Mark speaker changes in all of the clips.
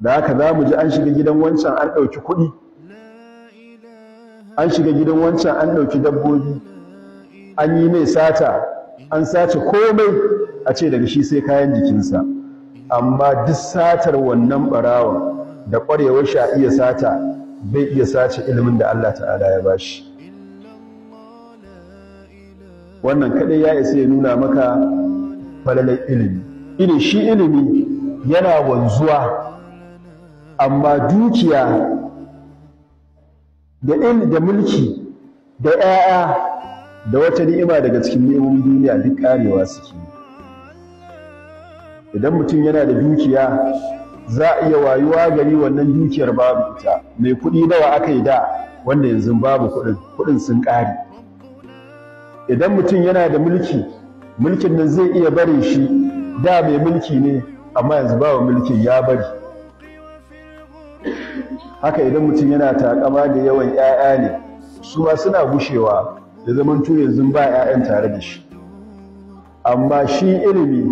Speaker 1: da haka za mu ji an shiga gidan wancan an ɗauki kuɗi an shiga gidan wancan an ɗauki dabbobi an yi mai sata an sace komai a ce daga shi sai kayan jikinsa amma duk satar wannan ɓarawa da ƙwarewar sha iya sata bai iya sace ilimin da Allah ta'ala ya bashi wannan kaɗai ya isa ya nuna maka falalar ilimi ilin shi ilimi yana wanzuwa amma dukiya da in da mulki da 'ya'ya da wata ni'ima daga cikin neman duniya duk karewa suke idan mutum yana da dukiya za a iya wayuwa gari wannan dukiyar babu ita mai kuɗi nawa aka yi da wanda yanzu babu kuɗin kuɗin sun ƙare idan mutum yana da mulki mulkin nan zai iya bare shi da mai mulki ne amma yanzu babu mulkin ya bari haka idan mutum yana takama da yawan 'ya'ya ne su ma suna gushewa da zaman to yanzu ba 'ya'yan tare da shi amma shi ilimi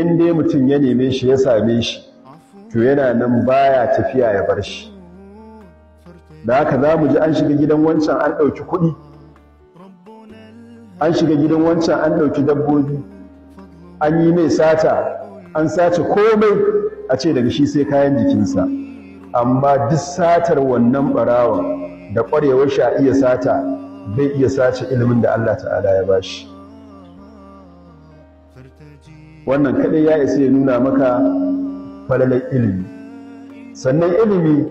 Speaker 1: inda mutum ya neme shi ya same shi to yana nan baya tafiya ya bar shi da haka za mu ji an shiga gidan wancan an ɗauki kuɗi an shiga gidan wancan an ɗauki dabbobi an yi mai sata an sace komai a ce daga shi sai kayan jikinsa amma duk satar wannan ɓarawon da ƙwarewar sha iya sata bai iya sace ilimin da Allah ta'ala ya bashi wannan kaɗai ya isa ya nuna maka falalar ilimi sannan ilimi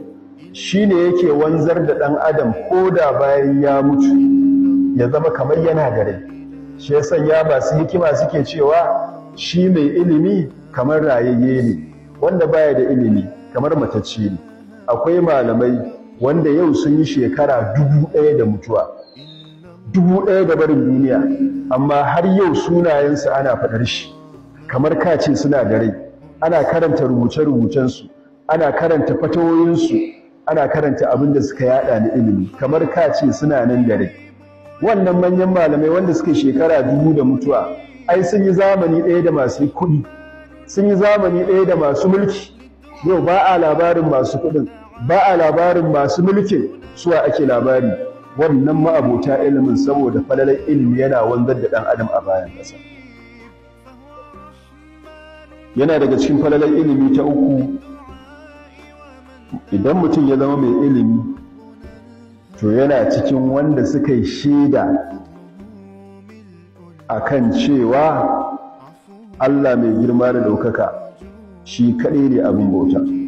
Speaker 1: shi ne yake wanzar da ɗan adam ko da bayan ya mutu ya zama kamar yana gare shi ya sanya masu hikima suke cewa shi mai ilimi kamar rayayye ne wanda baya da ilimi kamar matacce ne akwai malamai wanda yau sun yi shekara dubu ɗaya da mutuwa dubu ɗaya da barin duniya amma har yau sunayensu ana faɗar shi kamar kace suna da rai ana karanta rubuce-rubucensu ana karanta fatawoyinsu ana karanta abin da suka yada na ilimi kamar kace suna nan da rai wannan manyan malamai wanda suke shekara dubu da mutuwa ai sun yi zamani ɗaya da masu kuɗi sun yi zamani ɗaya da masu mulki yau ba a labarin masu kuɗin ba a labarin masu mulkin suwa ake labari wannan ma'abota ilimin saboda falalar ilimi yana wanzar da ɗan adam a bayan ƙasa yana daga cikin falalar ilimi ta uku idan mutum ya zama mai ilimi to yana cikin wanda suka yi shaida a kan cewa allah mai girma da ɗaukaka shi kaɗai ne abin bauta